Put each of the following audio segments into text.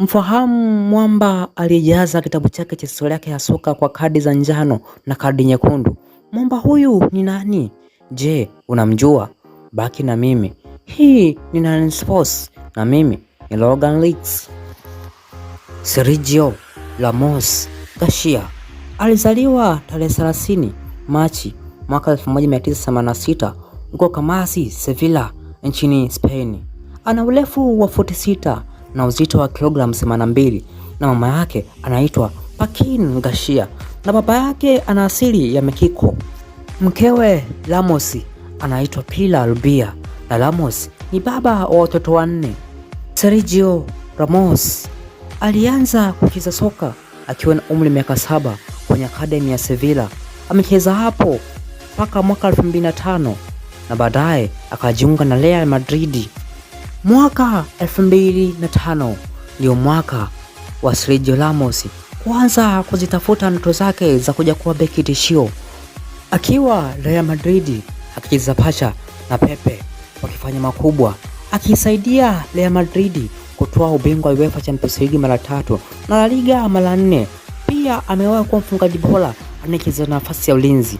Mfahamu mwamba aliyejaza kitabu chake cha historia yake ya soka kwa kadi za njano na kadi nyekundu. Mwamba huyu ni nani? Je, unamjua? Baki na mimi. Hii ni Nine Sports na mimi ni Logan Leeds. Sergio Ramos Garcia alizaliwa tarehe 30 Machi mwaka 1986 huko Kamasi, Sevilla nchini Spain. Ana urefu wa futi sita na uzito wa kilogramu 82 na mama yake anaitwa pakin Garcia na baba yake ana asili ya Mekiko. Mkewe Lamos anaitwa pila Rubia na lamos ni baba wa watoto wanne. Sergio Ramos alianza kucheza soka akiwa na umri miaka saba kwenye akademi ya Sevilla. Amecheza hapo mpaka mwaka 2005 na baadaye akajiunga na Real Madrid. Mwaka 2005 ndio mwaka wa Sergio Ramos kuanza kuzitafuta ndoto zake za kuja kuwa beki tishio, akiwa Real Madrid akicheza pacha na Pepe wakifanya makubwa, akisaidia Real Madrid kutoa ubingwa wa UEFA Champions League mara tatu na La Liga mara nne. Pia amewahi kuwa mfungaji bora anayecheza nafasi ya ulinzi.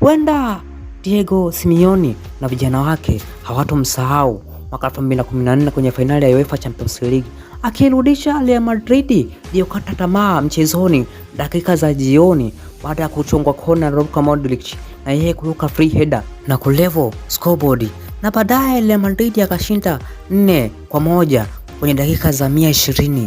Huenda Diego Simeone na vijana wake hawatomsahau mwaka 2014 kwenye fainali ya UEFA Champions League akirudisha Real Madrid iliyokata tamaa mchezoni dakika za jioni baada ya kuchongwa kona Luka Modric na yeye kuruka free header na kulevo scoreboard na baadaye Real Madrid akashinda 4 kwa moja kwenye dakika za 120.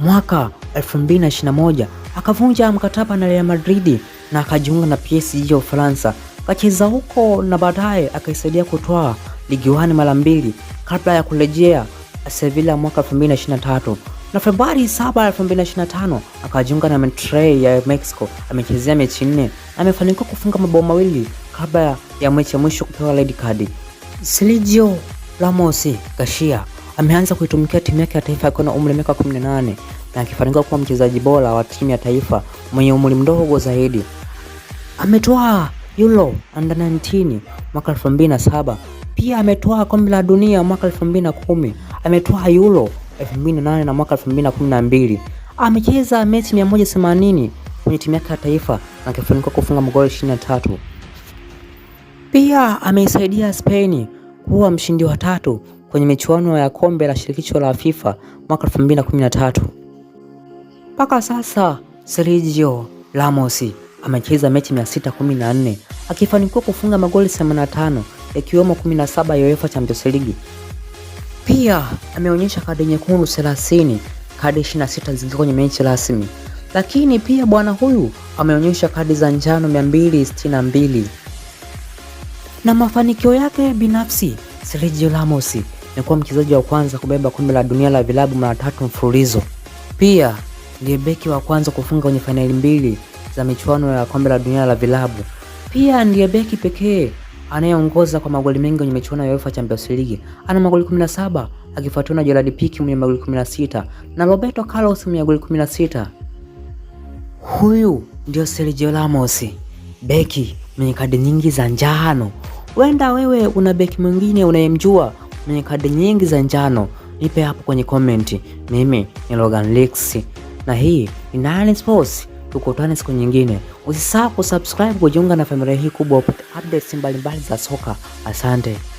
Mwaka 2021 akavunja mkataba na Real Madrid na akajiunga na PSG ya Ufaransa, akacheza huko na baadaye akaisaidia kutoa ligi wani mara mbili kabla ya kurejea Sevilla mwaka 2023 na Februari 7, 2025 akajiunga na Monterrey ya Mexico. Amechezea mechi nne, amefanikiwa kufunga mabao mawili kabla ya mechi ya mwisho kupewa red card. Sergio Ramos Garcia ameanza kuitumikia timu yake ya taifa akiwa na umri wa miaka 18 na akifanikiwa kuwa mchezaji bora wa timu ya taifa mwenye umri mdogo zaidi. Ametoa Euro under 19 mwaka 2007 pia ametoa kombe la dunia mwaka 2010, ametoa Euro 2008 na mwaka 2012. Amecheza mechi 180 kwenye timu yake ya taifa na kafanikiwa kufunga magoli 23. Pia ameisaidia Spain kuwa mshindi wa tatu kwenye michuano ya kombe la shirikisho la FIFA mwaka 2013. Mpaka sasa Sergio Ramos amecheza mechi 614 akifanikiwa kufunga magoli 85 yakiwemo 17 ya UEFA Champions League. Pia ameonyesha kadi nyekundu 30, kadi 26 zikiwa kwenye mechi rasmi. Lakini pia bwana huyu ameonyesha kadi za njano 262. Na mafanikio yake binafsi, Sergio Ramos amekuwa mchezaji wa kwanza kubeba kombe la dunia la vilabu mara tatu mfululizo. Pia ndiye beki wa kwanza kufunga kwenye fainali mbili za michuano ya kombe la dunia la vilabu. Pia ndiye beki pekee anayeongoza kwa magoli mengi kwenye michuano ya UEFA Champions League ana magoli 17 akifuatiwa na Gerard Pique mwenye magoli 16 na Roberto Carlos mwenye magoli 16. Huyu ndio Sergio Ramos, beki mwenye kadi nyingi za njano. Wenda wewe una beki mwingine unayemjua mwenye kadi nyingi za njano, nipe hapo kwenye comment. Mimi ni Logan Lix na hii ni Nine Sports tukutane siku nyingine. Usisahau kusubscribe kujiunga na familia hii kubwa upate updates mbalimbali za soka. Asante.